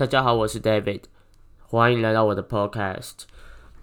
大家好，我是 David，歡迎來到我的 Podcast。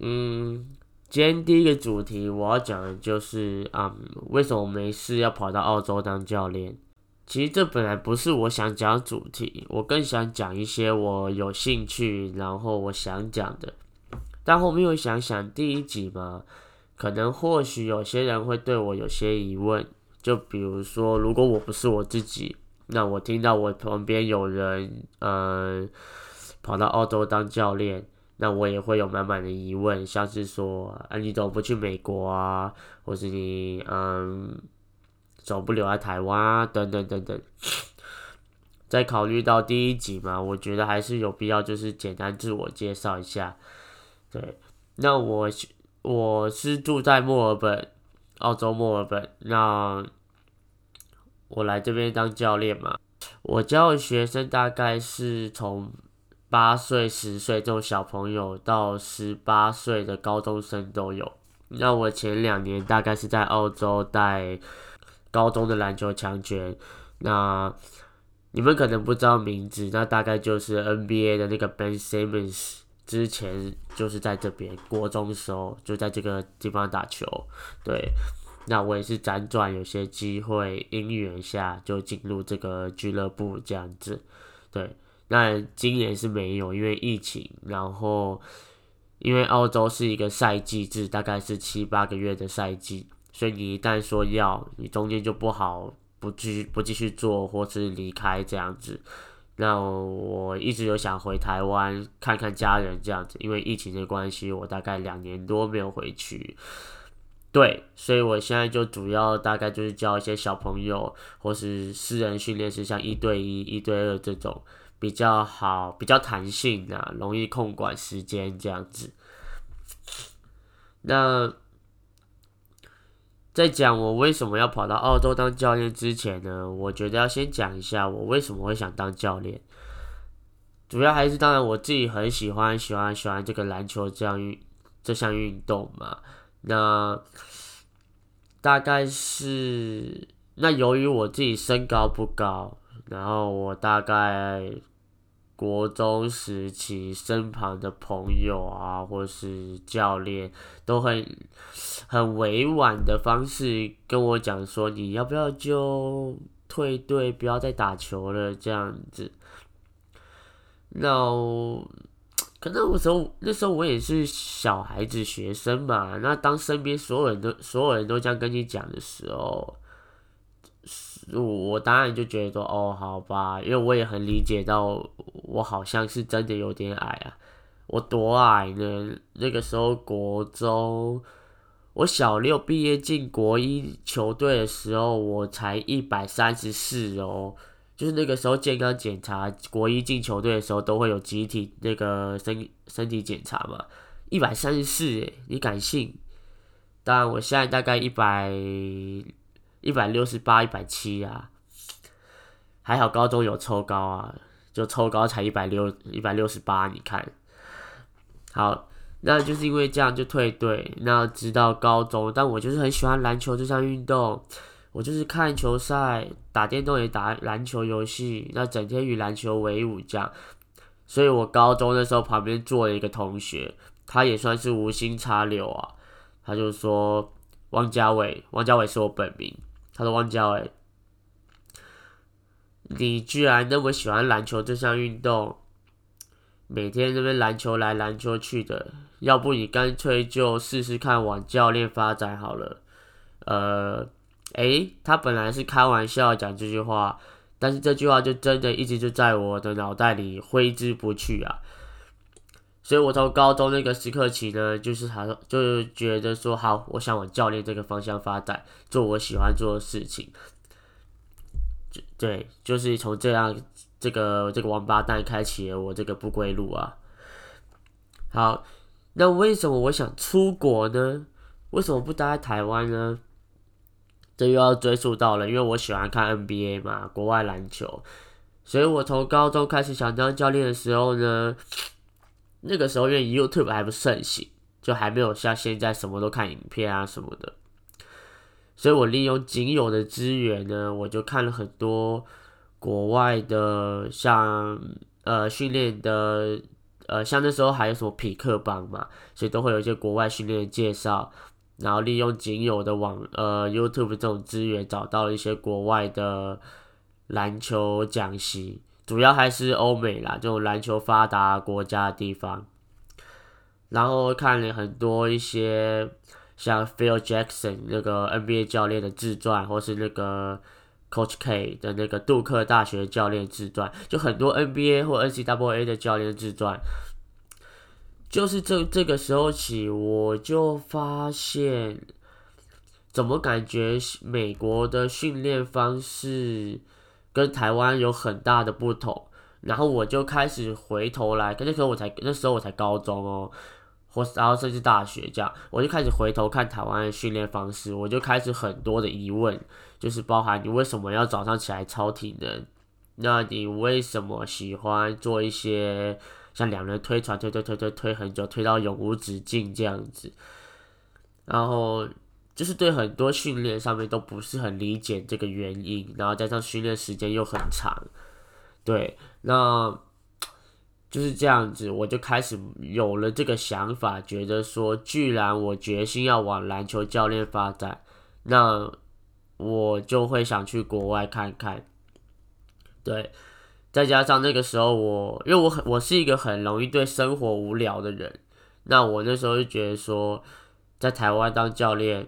嗯，今天第一個主題我要講的就是啊，嗯，為什麼我沒事要跑到澳洲當教練？其實這本來不是我想講主題，我更想講一些我有興趣，然後我想講的。但後面又想想，第一集嘛，可能或許有些人會對我有些疑問，就比如說，如果我不是我自己。那我聽到我旁邊有人，嗯，跑到澳洲當教練，那我也會有滿滿的疑問，像是說，啊，你怎麼不去美國啊？或是你，嗯，走不留在台灣啊？等等等等。再考慮到第一集嘛，我覺得還是有必要，就是簡單自我介紹一下。對，那我我是住在墨爾本，澳洲墨爾本。那我來這邊當教練嘛，我教的學生大概是從八歲、十歲這種小朋友到十八歲的高中生都有。那我前兩年大概是在澳洲帶高中的籃球強權，那你們可能不知道名字，那大概就是 NBA 的那個 Ben Simmons，之前就是在這邊，國中的時候就在這個地方打球，對。那我也是輾轉有些機會因緣下就進入這個俱樂部這樣子，對。那今年是沒有，因為疫情，然後因為澳洲是一個賽季制，大概是七八個月的賽季，所以你一旦說要，你中間就不好不繼續不繼續做或是離開這樣子。那我一直有想回台灣看看家人這樣子，因為疫情的關係，我大概兩年多沒有回去。對，所以我現在就主要大概就是教一些小朋友，或是私人訓練是像一對一、一對二這種比較好、比較彈性的、啊，容易控管時間這樣子。那在講我為什麼要跑到澳洲當教練之前呢？我覺得要先講一下我為什麼會想當教練，主要還是當然我自己很喜歡、喜歡、喜歡這個籃球這樣運這項運動嘛。那大概是那由於我自己身高不高，然後我大概國中時期身旁的朋友啊，或是教練，都會很、很委婉的方式跟我講說，你要不要就退隊，不要再打球了這樣子。那我。可是那時候，那時候我也是小孩子學生嘛，那當身邊所有人都所有人都這樣跟你講的時候，我我當然就覺得說哦，好吧，因為我也很理解到我好像是真的有點矮啊，我多矮呢？那個時候國中，我小六畢業進國一球隊的時候，我才一百三十四哦。就是那個時候健康檢查，國一進球隊的時候都會有集體那個身身體檢查嘛，一百三十四，誒，你敢信？當然，我現在大概一百一百六十八、一百七啊，還好高中有抽高啊，就抽高才一百六一百六十八，你看，好，那就是因為這樣就退隊，那直到高中，但我就是很喜歡籃球這項運動。我就是看球賽，打電動也打籃球遊戲，那整天與籃球為伍，這樣。所以，我高中的時候旁邊坐了一個同學，他也算是無心插柳啊。他就說：“汪家偉，汪家偉是我本名。”他說：“汪家偉，你居然那麼喜歡籃球這項運動，每天那邊籃球來籃球去的，要不你乾脆就試試看往教練發展好了。”呃。誒，他本來是開玩笑講這句話，但是這句話就真的一直就在我的腦袋裡揮之不去啊。所以我從高中那個時刻起呢，就是還就是覺得說，好，我想往教練這個方向發展，做我喜歡做的事情。就對，就是從這樣這個這個王八蛋開啟了我這個不歸路啊。好，那為什麼我想出國呢？為什麼不待在台灣呢？這又要追溯到了，因為我喜歡看 NBA 嘛，國外籃球，所以我從高中開始想當教練的時候呢，那個時候因為 YouTube 還不盛行，就還沒有像現在什麼都看影片啊什麼的，所以我利用僅有的資源呢，我就看了很多國外的像呃訓練的呃，像那時候還有什麼痞客邦嘛，所以都會有一些國外訓練的介紹。然後利用僅有的網呃 YouTube 這種資源，找到一些國外的籃球講習，主要還是歐美啦，這種籃球發達國家的地方。然後看了很多一些像 Phil Jackson 那個 NBA 教練的自傳，或是那個 Coach K 的那個杜克大學教練自傳，就很多 NBA 或 NCAA 的教練自傳。就是這這個時候起，我就發現，怎麼感覺美國的訓練方式跟台灣有很大的不同？然後我就開始回頭來，跟那時候我才那時候我才高中哦、喔，或是然後甚至大學這樣，我就開始回頭看台灣的訓練方式，我就開始很多的疑問，就是包含你為什麼要早上起來操體能？那你為什麼喜歡做一些？像兩人推船推推推推推很久，推到永無止境這樣子，然後就是對很多訓練上面都不是很理解這個原因，然後加上訓練時間又很長，對，那就是這樣子，我就開始有了這個想法，覺得說，既然我決心要往籃球教練發展，那我就會想去國外看看，對。再加上那個時候我，我因為我很，我是一個很容易對生活無聊的人，那我那時候就覺得說，在台灣當教練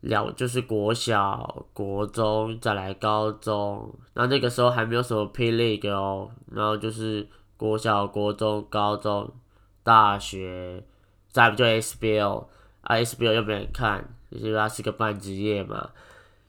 了就是國小、國中再來高中，那那個時候還沒有什麼 P. League 哦，然後就是國小、國中、高中、大學，再不就 SBL，啊 SBL 又沒人看，就是它是，啊，是個半職業嘛。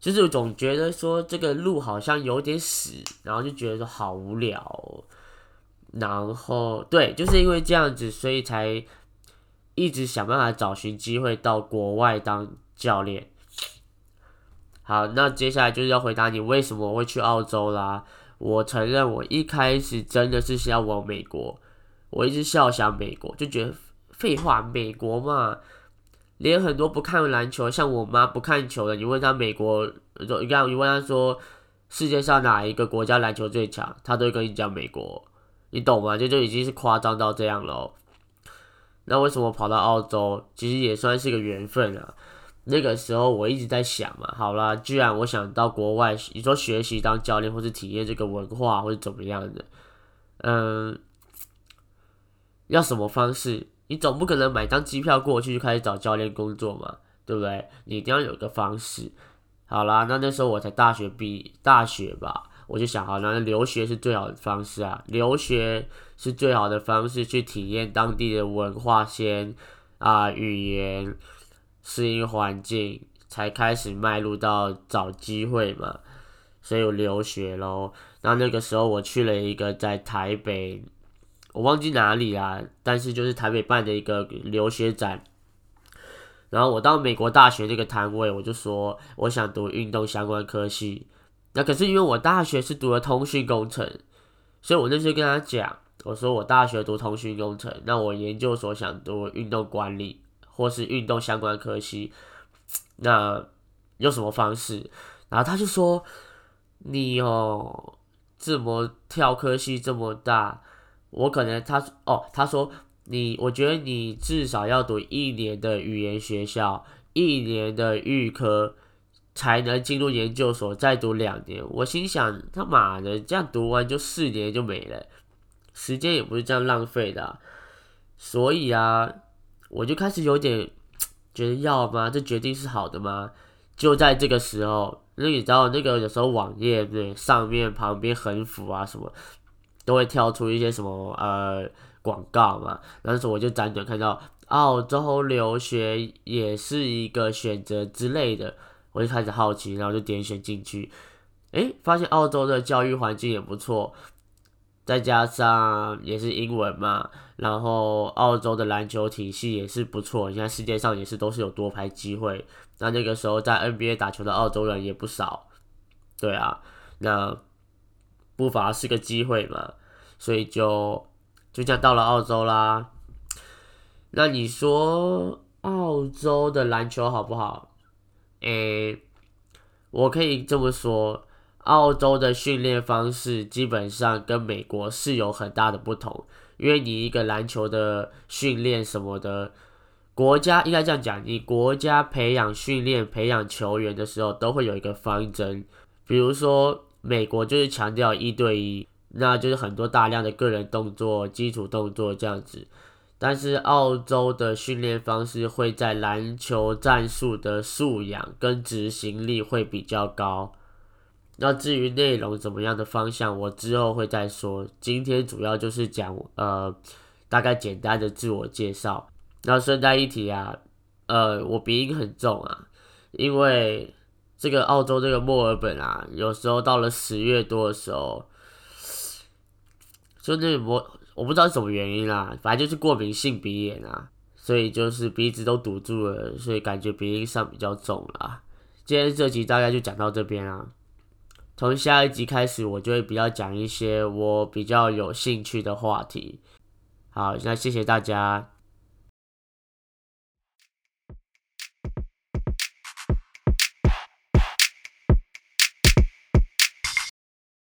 就是我總覺得說這個路好像有點死，然後就覺得好無聊哦，然後對，就是因為這樣子，所以才一直想辦法找尋機會到國外當教練。好，那接下來就是要回答你為什麼我會去澳洲啦。我承認，我一開始真的是想要往美國，我一直嚮往美國，就覺得廢話，美國嘛。連很多不看籃球，像我媽不看球的，你問她美國，你看你問她說世界上哪一個國家籃球最強，她都會跟你講美國，你懂嗎？這就已經是誇張到這樣了哦。那為什麼跑到澳洲？其實也算是個緣分啊。那個時候我一直在想嘛、啊，好啦，既然我想到國外，你說學習當教練，或是體驗這個文化，或是怎麼樣的，嗯，要什麼方式？你總不可能買張機票過去就開始找教練工作嘛，對不對？你一定要有個方式。好啦，那那時候我才大學畢業，大學吧，我就想好。那留學是最好的方式啊，留學是最好的方式去體驗當地的文化先，啊、呃，語言，適應環境，才開始邁入到找機會嘛。所以我留學嘍。那那個時候我去了一個在台北。我忘記哪裡啦、啊，但是就是台北辦的一個留學展，然後我到美國大學那個攤位，我就說我想讀運動相關科系。那可是因為我大學是讀了通訊工程，所以我那時候跟他講，我說我大學讀通訊工程，那我研究所想讀運動管理或是運動相關科系，那用什麼方式？然後他就說，你哦，這麼跳科系這麼大。我可能他說哦，他說你，我覺得你至少要讀一年的語言學校，一年的預科，才能進入研究所，再讀兩年。我心想，他媽的，這樣讀完就四年就沒了，時間也不是這樣浪費的啊。所以啊，我就開始有點覺得要嗎？這決定是好的嗎？就在這個時候，那你知道那個有時候網頁對上面旁邊橫幅啊什麼。都會跳出一些什麼呃廣告嘛，那時候我就輾轉看到澳洲留學也是一個選擇之類的，我就開始好奇，然後就點選進去，誒、欸，發現澳洲的教育環境也不錯，再加上也是英文嘛，然後澳洲的籃球體系也是不錯，你看世界上也是都是有多拍機會，那那個時候在 NBA 打球的澳洲人也不少，對啊，那。步伐是個機會嘛，所以就就這樣到了澳洲啦。那你說澳洲的籃球好不好？誒、欸，我可以這麼說，澳洲的訓練方式基本上跟美國是有很大的不同。因為你一個籃球的訓練什麼的，國家應該這樣講，你國家培養訓練培養球員的時候都會有一個方針，比如說。美國就是強調一對一，那就是很多大量的個人動作、基礎動作這樣子。但是澳洲的訓練方式會在籃球戰術的素養跟執行力會比較高。那至於內容怎麼樣的方向，我之後會再說。今天主要就是講呃，大概簡單的自我介紹。那順帶一提啊，呃，我鼻音很重啊，因為。這個澳洲這個墨爾本啊，有時候到了十月多的時候，就那我我不知道是什麼原因啦、啊，反正就是過敏性鼻炎啊，所以就是鼻子都堵住了，所以感覺鼻音上比較重啦、啊。今天這集大概就講到這邊啊，從下一集開始，我就會比較講一些我比較有興趣的話題。好，那謝謝大家。